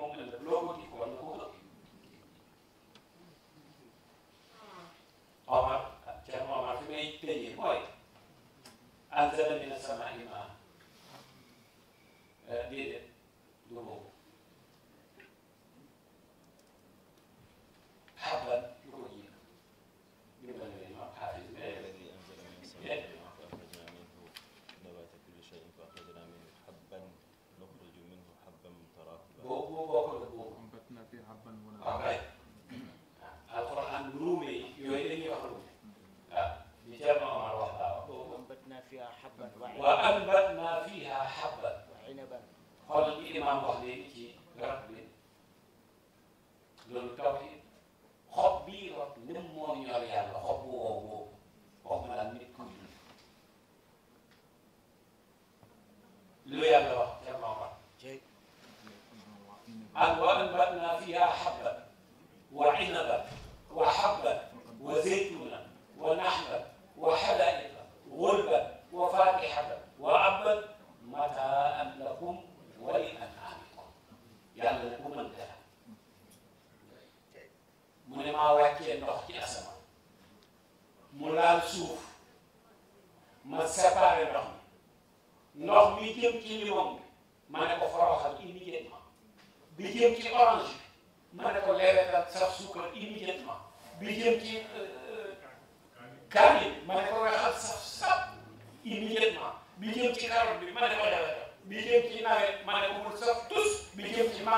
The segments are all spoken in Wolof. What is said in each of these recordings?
moom la la loo ko dikk war nga koo xam Omar Cheikh ah, Omar fi may tëjee mooy anzala min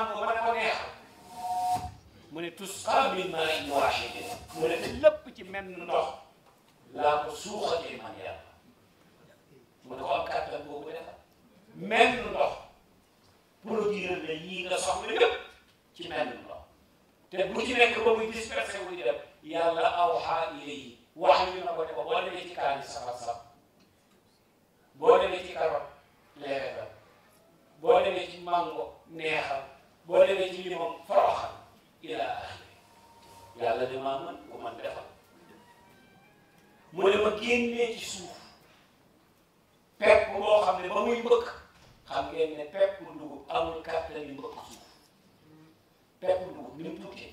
man ko ba ko neex mu ne tus xam min maa in waahidin mu ne lépp ci menn ndox laa ko suuxatee man yàlla mu ne ko am kàttan boobu defar menn ndox produire la yii nga soxla yëpp ci menn ndox te bu ci nekk ba muy dispersé wu di dem yàlla awxaa ilayhi wax yu na ko ne boo demee ci kaani safar saf boo demee ci karoot leeral boo demee ci mango neexal boo demee ci limam farawaxal ilaa axiri yàlla damaa mën ku man defal mu ne ma ci suuf pepp boo xam ne ba muy mbëkk xam ngeen ne pepp dugub amul kàttan yu mbëkk suuf pepp dugub ni mu tuutee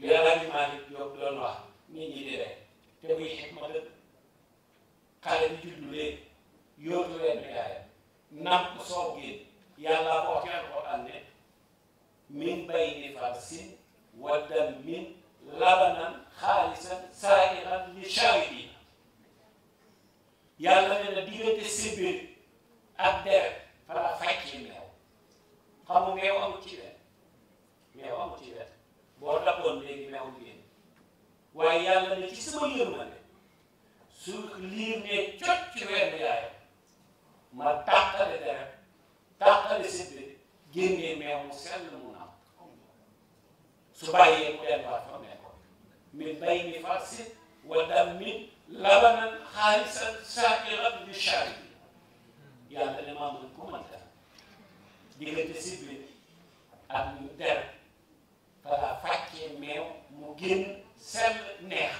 yàlla ni maa ngi doon wax nit ñi di rek te muy xikma dëgg xale bi juddu leen yóotu leen bi daayam nam ko soob génn yàllaa ko wax ci alquran ne min bayni farsin wa dammin labanan xaalisan saa'iran li shaaribiin yàlla ne na diggante sébéer ak deret fa la fàccee meew xamu meew amul ci wet meew amul ci wet boo dabboon léegi meew génn waaye yàlla ne ci sama yërmande su liir ne jot ci yaayam ma tàqale deret tàqale sébéer génnee meew mu sell su bàyyee mu delluwaat fa mu nekkoon min bay ni farsin wa dam min labanan xaalisan saa'iran li shaaribi yàlla ne maa mën ku mën def diggante sibli ak ñu der balaa fàccee meew mu génn sell neex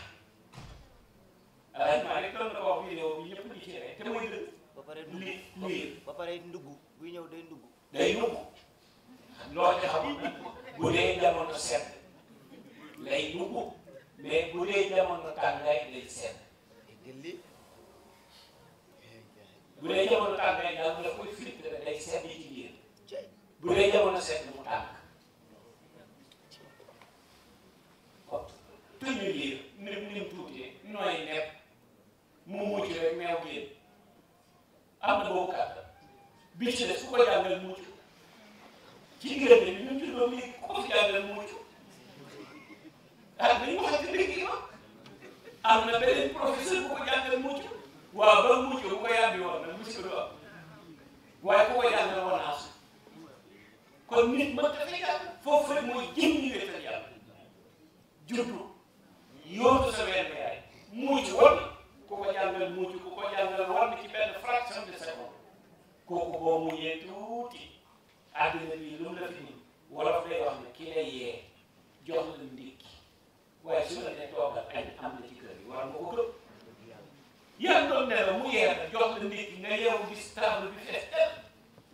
alaaj maa nekk doon na ko wax vidéo bi ñëpp di ci te mooy ba pare ndugg buy ñëw day ndugg day ndugg loo ci xam bu dee jamono sedd lay dugg mais bu dee jamono tàngaay lay sedd bu dee jamono tàngaay daa la koy firi day sedd ci biir bu dee jamono sedd mu tàng te ñu liir nim nim tuutee nooy nepp mu mucc rek meew yéen am na boobu kàttan bi ci des su ko jàngal mucc kii ngi rëbb bi ñun ci doom yi ko fi jàngale mu mucc ah dañu waxante dëgg yi am na beneen professeur bu ko jàngale mucc waaw ba mucc bu ko yàbbi woon nag mucc du am waaye ku ko jàngale woon naa su kon nit man dafay jàpp foofu rek mooy jëm ñu wéetal yàlla juddu yóotu sa wenn yaay mucc woon ku ko jàngal mucc ku ko jàngal woon ci benn fraction de seconde kooku boo muñee tuuti àddina bi lu mu la fi nii wolof lay wax ne ki yee jox la ndékki waaye su la ne toogal añ am na ci kër yi war nga ko gëm yéen doon mu yee la jox la ndékki nga yow gis table bi fees tëb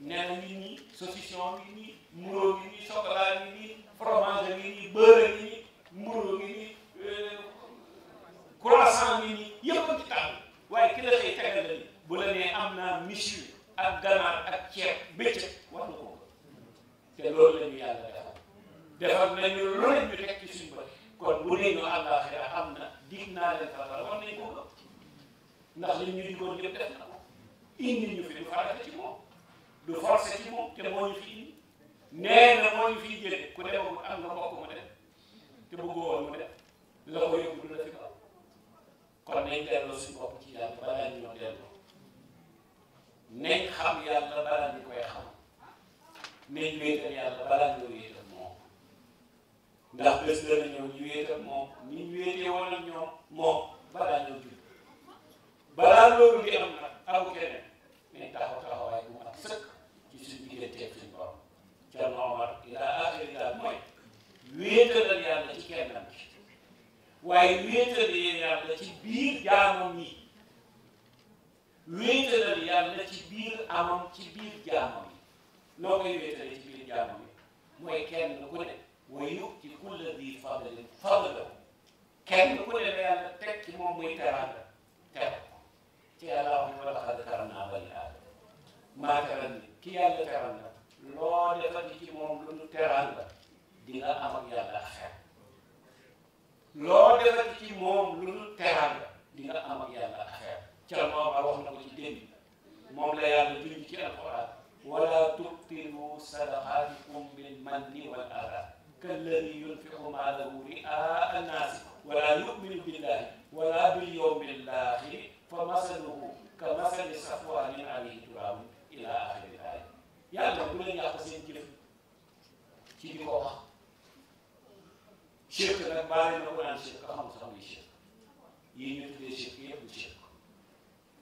nee ngi nii saucisson ngi nii muro ngi nii chocolat ngi nii fromage ngi nii beurre ngi nii muro ngi nii euh, croissant ngi nii yëpp a ci table waaye ki la xëy tegal la bu la nee am naa monsieur ak ganaar ak ceeb bëccëg te loolu la ñu yàlla defal defal nañu lu ne ñu ci suñu bët kon bu nee ñu àllaaxira am na dig naa leen safara war ndax li ñu digoon yëpp def na ko indi ñu fi du kon nañ delloo suñu bopp ci yàlla balaa ñu ñoo delloo xam yàlla balaa ñu koy xam. nañ wéetal yàlla balaa nga wéet ak moom ndax bés dana ñëw ñu wéet ak ni ñu wéetee woon ak ñoom moom balaa ñoo jub balaa loolu di am nag aw keneen nañ taxaw taxawaay bu mu am sëkk ci suñu digganteeg suñu borom Thierno Omar ila axiri daal mooy wéetalal yàlla ci kennam ci waaye wéetal yàlla ci biir jaamam yi wéetalal yàlla ci biir amam ci biir jaamam noo koy wéetale ci biir jàmm bi mooy kenn ku ne wa yu'ti kulla di fadlin fadlahu kenn ku ne la yàlla teg ci moom muy teraanga teg ci yàlla wax ne wa laqad karamnaa banii aadama maa teral ni ki yàlla teral na loo defati ci moom lu nu teraanga di nga am ak yàlla xel ci moom lu nu teraanga di nga moom a wax na ko ci démb moom la wala tubtilu sadaqaatikum bil manni wal adaa kalladi yunfiqu maalahu ri'aa annaasi wala yuminu billahi wala bil yawmil aaxiri fa masaluhu ka masali safwaanin alayhi turaabun ila axiri aaya yàlla bu leen yàq seen jëf ci di ko wax shirk nag baale na ko naan shirk xam nga sax muy shirk yi ñu tuddee shirk yëpp du shirk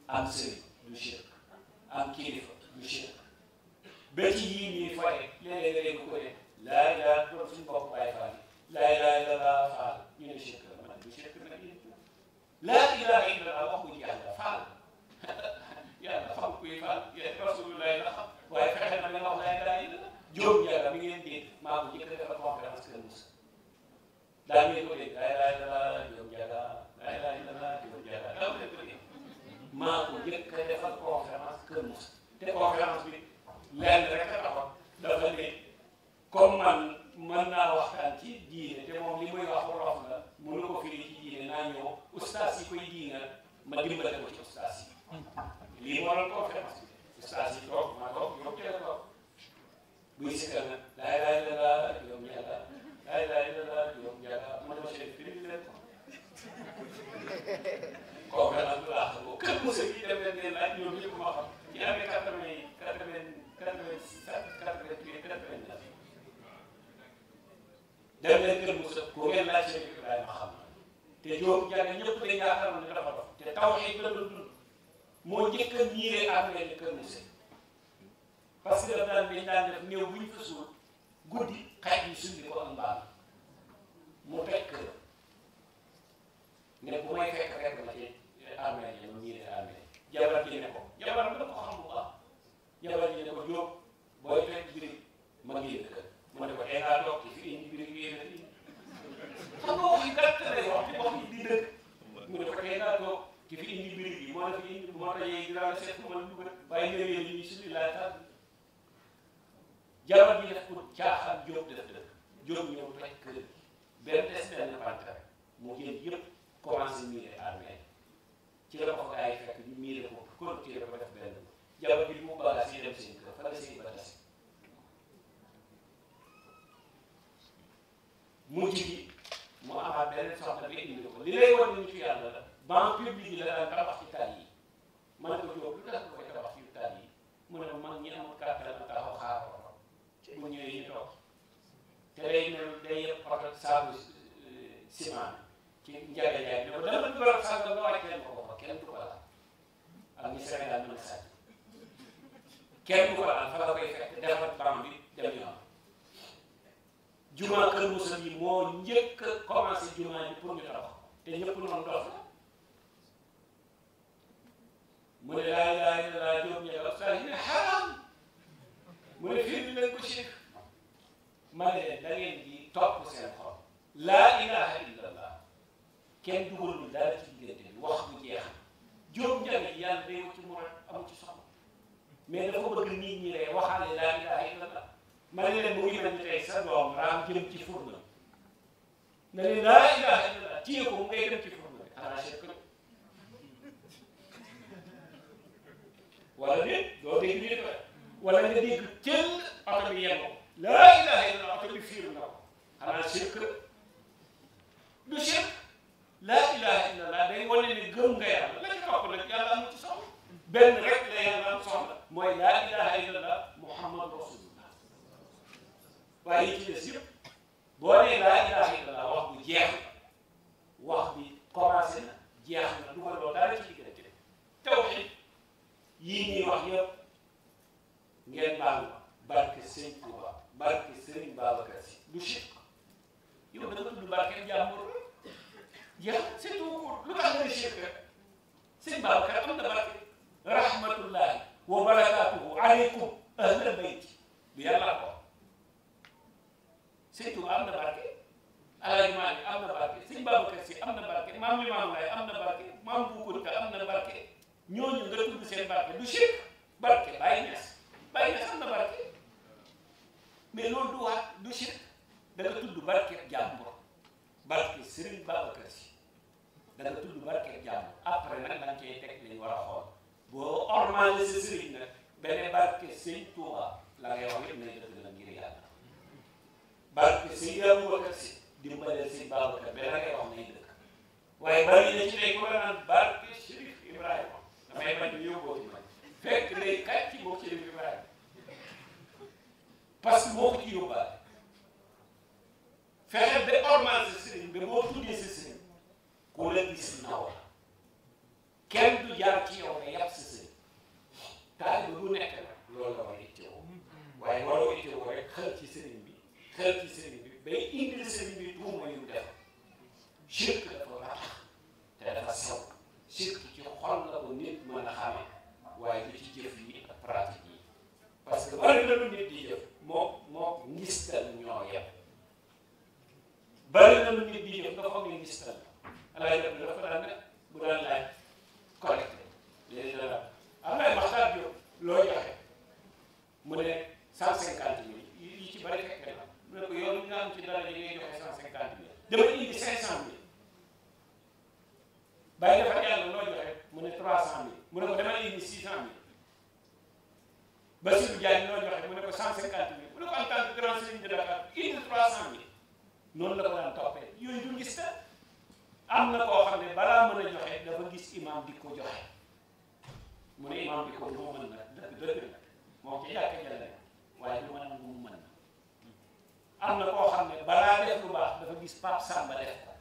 am sëriñ du shirk am kilifa du shirk ba ci yii ñuy faye léeg-léeg nga dégg ko ne laa ilaa loolu suñu bopp Baay Faal laa ilaa illa laa faal ñu ne chirk la man du chirk nag yéen laa ilaa illa laa wax ko yàlla faal yàlla xam kuy faal yàlla rasulullahi la xam waaye fexe na nga wax laa ilaa illa la jóom yàlla mi ngi leen dégg maa ko njëkk a defal conférence kër Moussa daa ngeen ko dégg laa ilaa illa laa jóom yàlla laa ilaa illa laa jóom yàlla daa ngeen ko dégg maa ko njëkk a defal conférence kër Moussa te conférence bi lenn rek a taxoon dafa ne man mën naa waxtaan ci diine te moom li muy wax wolof la mënu ko firi ci diine naa ñëw ustaas yi koy diinal ma dimbale ko ci ustaas yi lii moo doon conférence ki fi indi mbir moo la fi indi moo tax yéen daal seet ma lu gën bàyyi nga leen ñu si laa tax jabar bi def pour caaxaan jóob def dëkk jóob ñëw toj kër benn des benn pantere mu jël yëpp commencé miire armée ci la ko gaay fekk ñu miire ko kon ci la ko def benn jabar bi mu bagaas yi dem seen kër fa la seen bagaas mujj gi mu amaat beneen soxna bi indi ko li lay wan ñu ci yàlla banque publique la daan tabax ci taal yi ma ne ko Diop lu tax koy tabax ci taal yi mu ne mag ñi amul kàttan lu taxaw xaar bu ne day yëpp oto saabu euh, ciment ci njaga njaay ne ko dama dugal sax ko fa kenn du ko laal ak ñi Sénégal mën a sànni kenn ko laal fa la koy fekk defar baram bi dem yoon jumaa Kër Moussa bi moo njëkk a commencé jumaa ji pour ñu tabax te mu ne laa ilaaha illallaah doom ñi wax saa yi ne xaraam mu ne firnde nañ ko shirk ma ne leen di topp seen xol laa ilaaha illallaah kenn dugalul dara ci diggante bi wax bu jeex jóom njëriñ yàlla day wut ci mu amu ci soxla mais dafa bëgg nit ñi lay waxaale laa ilaaha illallaah ma ne leen mu ngi mel ni tey sa doom raam jëm ci fourneau na ne laa ilaaha illallaah téye ko mu ngay dem ci fourneau bi arraché ko. wala déet doo dégg ñu ne bi yem ko laa ilaha bi fiir na ko xanaa sirk du sirk laa ilaha illallah day wane ne gëm nga yàlla la ci topp nag la yàlla am soxla mooy laa ilaha yi ci des yëpp boo nee laa ilaha illallah wax bu jeex wax bi commencé na jeex na dugaloo dara yii ñuy wax yëpp ngeen baal ma barke sëñ Touba barke Serigne Babacar Sy da nga tudd barke jàmbur yow c'est tout court lu tax nga ne shirk sëñ na barke rahmatullahi wa barakatuhu aleykum ahla bayti bi yàlla ko sëñ Touba am na barke Alaaji Maalik na barke sëñ Babacar Sy am na barke maam Limaamu Laay am na barke maam Boukounta am na barke ñooñu nga tudd seen barke du shirk barke bàyyi ñaas bàyyi ñaas am na barke mais loolu du waat du shirk da nga tudd barke jàmbur barke Serigne Babacar Sy da nga tudd barke jàmbur après nag da nga cay teg li ñu war a xool boo ormaale sa sëriñ nag beneen barke sëñ Touba la ngay wax yëpp nay dëgg la ngir yàlla barke sëñ Babacar Sy dimbaleel sëñ Babacar ba la ngay wax nay dëgg waaye bari na ci tey ku la naan barke Chérif Ibrahima damay bañ ñu yóbboo ci man fekk ne kat ci bokk ci li ma parce que moo ko ci yóbbaale fexe ba ormal sa sëriñ ba moo tuddee sa sëriñ ku la gis naw la kenn du jaar ci yow nga yàpp sa sëriñ taal bu nekk nag loolu la war ittewoo waaye waroo ittewoo rek xel ci sëriñ bi xel ci sëriñ bi bay indil sëriñ bi tuuma yu def shirk dafa baax te dafa sew surtout ci xol la ko nit mën a xamee waaye du ci jëf yi ak pratique yi parce que bari na lu nit di jëf moo moo ngistal ñoo yem bari na lu nit di jëf nga foog ne ngistal alaay dem dafa daan ne bu daan laaj collecté léegi dana am ay maxtaar jo loo joxe mu ne cent cinquante mille yi ci bari fekk na mu ne ko yow naan ci dara li ngay joxe cent cinquante mille dama indi cinq cent mille bàyyi dafa yàlla loo joxe mu ne trois cent mille mu ne ko damay indi six cent mille Bassirou Diagne loo joxe mu ne ko cent cinquante mille mu ne ko en tant que grand sëriñ de Dakar indi trois cent mille noonu la ko daan toppee yooyu du gis te am na koo xam ne balaa mën a joxe dafa gis imam di ko joxe mu ne imam di ko du mën nag dëgg dëgg nag moom ci jàkk jël nag waaye du mën a mu mën na am na koo xam ne balaa def lu baax dafa gis Pape Samba def ko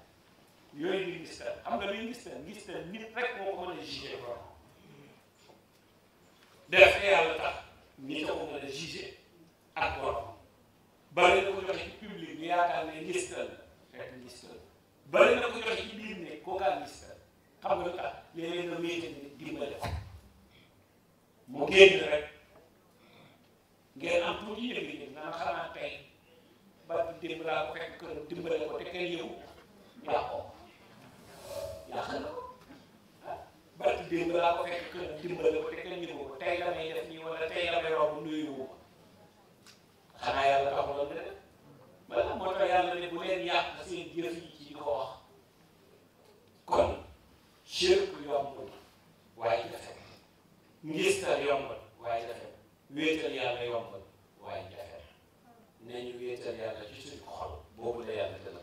yooyu di ngistal xam nga luy ngistal ngistal nit rek moo ko mën a jugé borom def te yàlla tax nit a ko a jugé ak borom bari na ko joxe ci public bi yaakaar na ko joxe ci biir ne kookaa ngistal xam dimbale mu génn rek ngeen am tuuti yëngu-yëngu nga xanaa tey ba démb ko dimbale ko te kenn yëgu yàqoo yàq na ko ah barki démb laa ko fekk kër dimbale ko te kenn ñu ko tey la may def nii wala tey la may romb nuyu wu ma xanaa yàlla taxul woon nga def bala moo tax yàlla ne bu leen yàq seen jëf yi ci ko wax kon shirk yombul waaye jafe ngistal yombal waaye jafe wéetal yàlla yombal waaye jafe nañu wéetal yàlla ci suñu xol boobu la yàlla gën a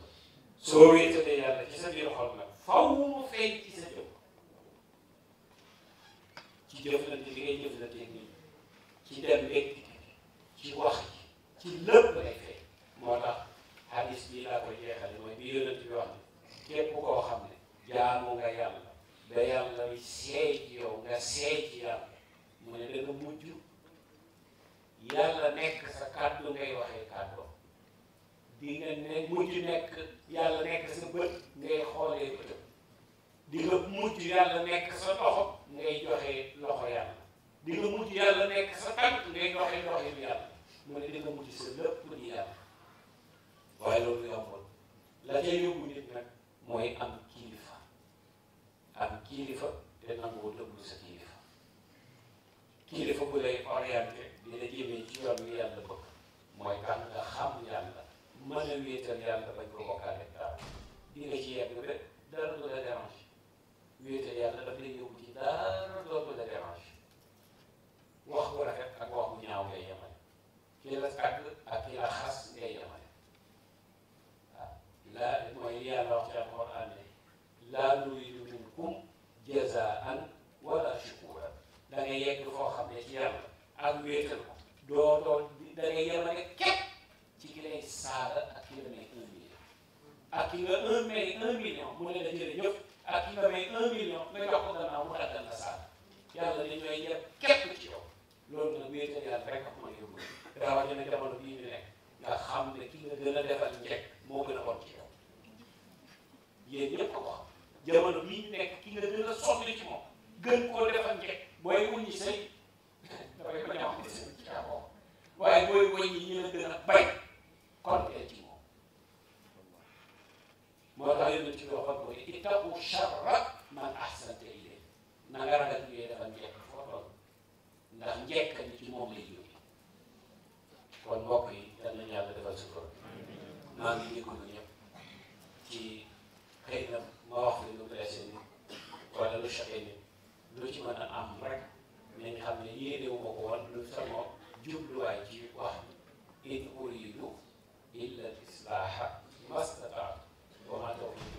soo wéetalee yàlla ci sa biir xol na faw mu feeñ ci sa jëf ci jëflante bi ngay jëflante nii ci dem lekk ci wax ci lépp lay feeñ moo tax hadis bii laa koy jeexale mooy bi yonent bi wax ne képp koo xam ne jaamu nga yàlla ba yàlla seey ci yow nga seey ci yàlla mu ne da nga mujj yàlla nekk sa kàddu ngay waxee kàddoom di nga ne mujj nekk yàlla nekk sa bët ngay xoolee bëtëm di nga mujj yàlla nekk sa loxo ngay joxe loxo yàlla di nga mujj yàlla nekk sa tànk ngay joxe loxo yàlla mu ne di nga mujj sa lépp di yàlla waaye loolu yombul la ca yóbbu nit nag mooy am kilifa am kilifa te nangoo déglu sa kilifa kilifa bu lay orienté dina jëmee ci yoon wi yàlla bëgg mooy kan nga mën a wéetal yàlla bañ ko bokkaale dara di nga la dérange wéetal yàlla daf lay la dérange wax bu rafet ak wax bu ñaaw la tàgg la xas ngay yemale waaw wala shukura da ngay yegg foo xam ne ci yàlla ak wéetal ko dootoo ci ki lay saaga ak ki la may un million ak ki nga un may un million ne la jërëjëf ak ki nga may un nga jox ko gannaaw mu daggal la saaga yàlla dañ koy yeb képp ci yow loolu nag wéetal yàlla rek ak mooy yóbbu rawatina jamono bii ñu nekk nga xam ne ki nga gën a defal njëkk moo gën a bon ci ko wax jamono bii ñu nekk ki nga gën a sonn gën koo defal njëkk booy wuññi say dafay ko ñaaw waaye booy wuññi ñu la gën a bay complet ci moom moo tax yonent bi waxoon ko ittaqu sharra man ahsanta ilay na nga ragal ñu yee dafa njëkk foofu ndax njëkk ni ci moom lay jóge kon mbokk yi yal nañu yàlla defal sutura maa ngi jégalu ci xëy na ma wax li lu blessé ni wala lu choqué ni lu ci mën a am rek nañ xam ne yéene wu ma ko woon lu sama jubluwaay ci illa al islaaha mastata'tu wa ma tawfiiqi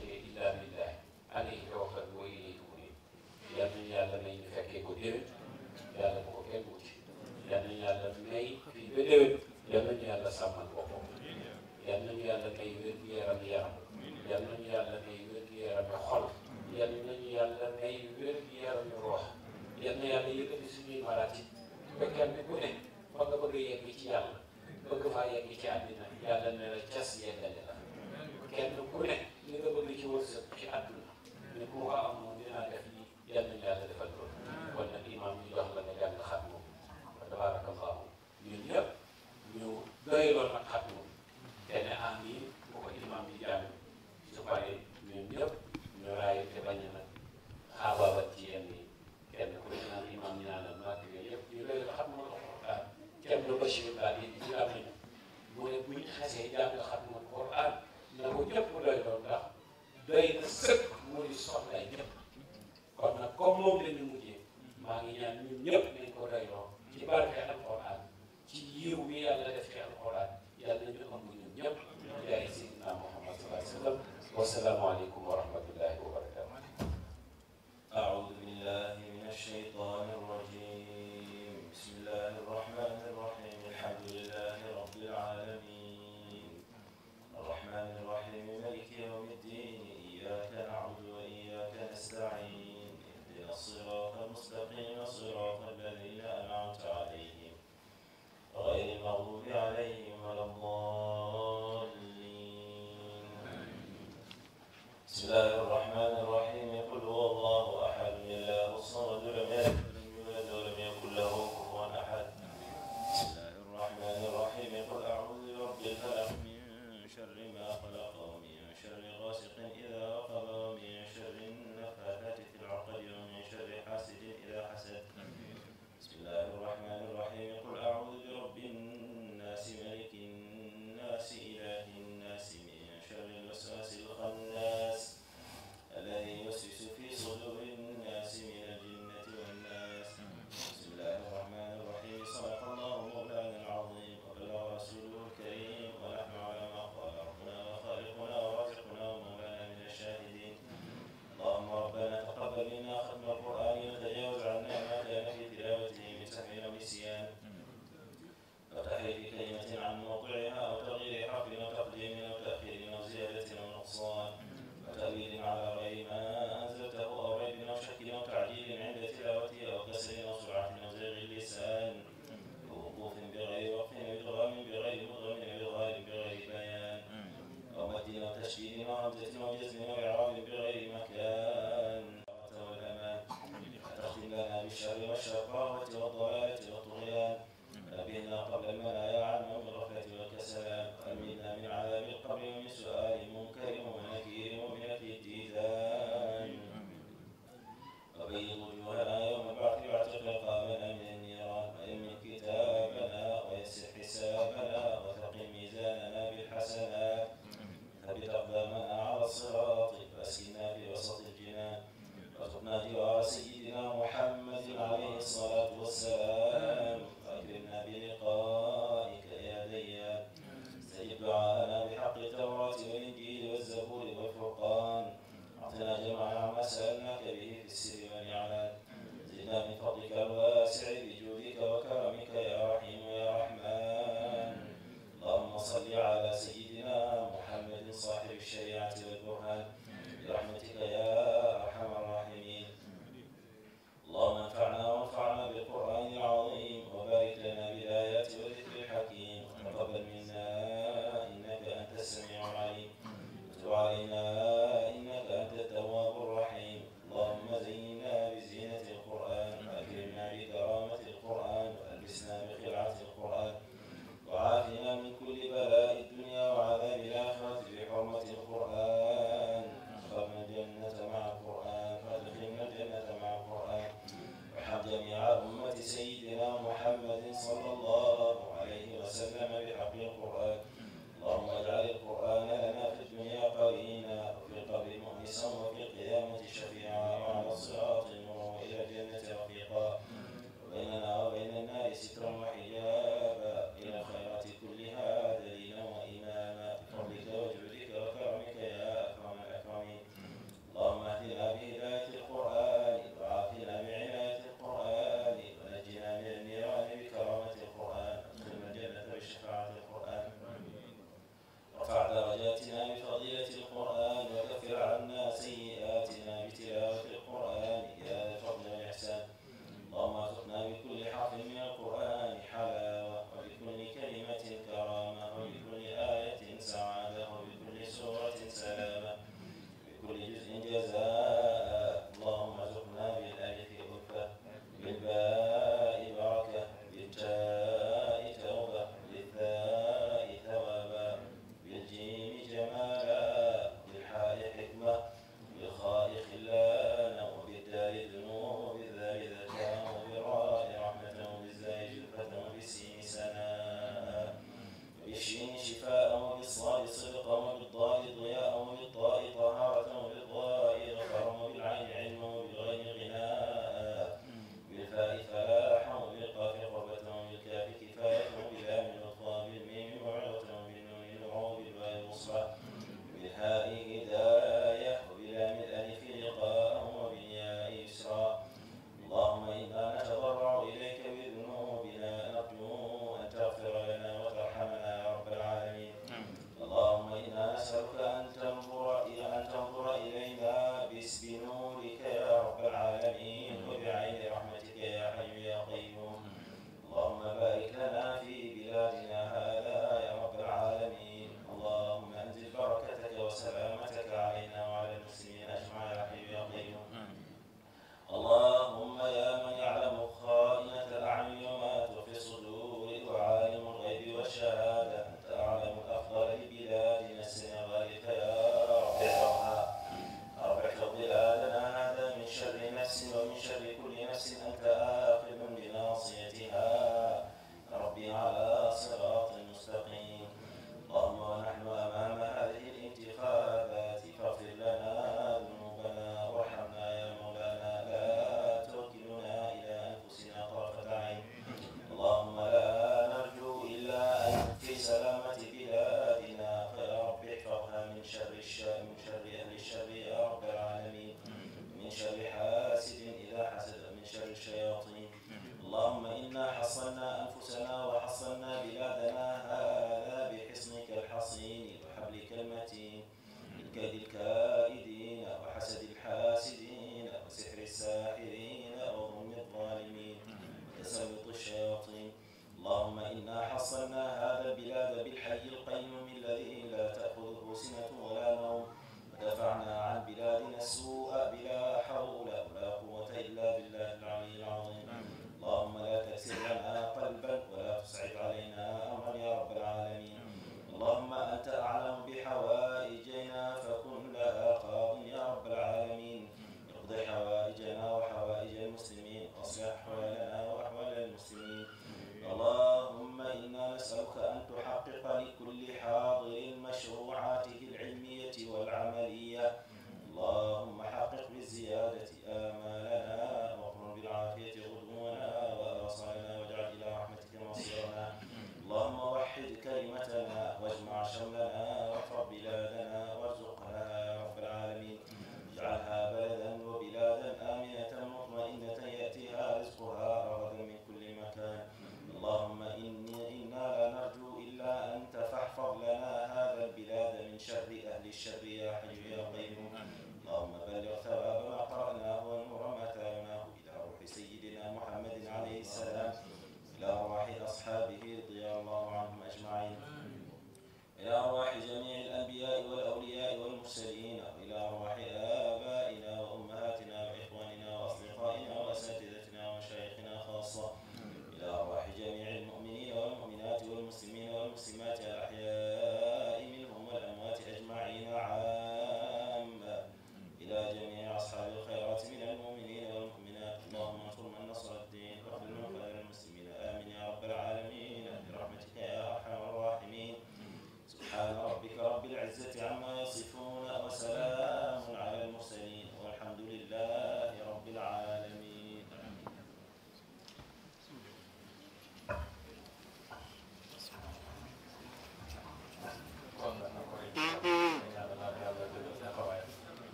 Bachir daal yi ci am nañu mu ne bu ñu xasee jàng xam ne Quran na ko ñëpp doy lool ndax doy na sëkk mu di soxlay ñëpp kon nag comme moom la ñu mujjee maa ngi ñaan ñun ñëpp nañ ko doy lool ci barke alquran ci yiw bi yàlla def ci alquran yàlla ñu am ñun ñëpp jaay Seydina Muhammad sallallahu alayhi wa sallam wa salaamu aleykum wa rahmatulah المستقيم صراط الذين أنعمت عليهم غير المغضوب عليهم ولا الضالين بسم الله الرحمن الرحيم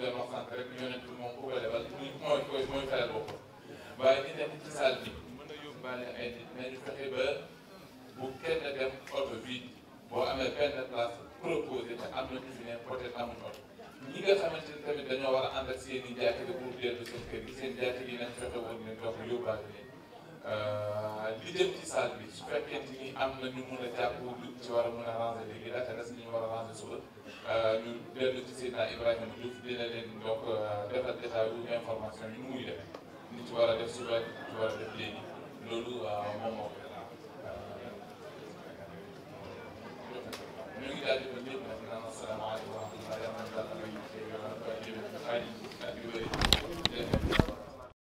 doon wax sànq rek yonent bi moom ku ko lebal muy mooy koy mooy fayal bopp waaye ñu dem ci saal bi mën a yóbbaale ay nit mais ñu fexe ba bu kenn dem oto bi boo amee benn place proposé te am na ñu fi ne peut-être amuñu oto ñi nga xamante ni tamit dañoo war a ànd ak seen i jaatigi pour dellu seen kër gi seen jaatigi nañ fexe woon ne ndox yóbbaale leen li jëm ci saal bi su fekkente ni am na ñu mun a jàpp lu ci war a mun a ranger léegi dafa des ñu war a ranger suba Euh, ñu dellu ci Seydina Ibrahima Diouf dina leen donc euh, defal déjà wu information yi nu muy demee ni ci war a def suba ni ci war a def léegi loolu euh, moom moo koy ñu ngi daal di ko ñëpp nag naan asalaamaaleykum wa rahmatulah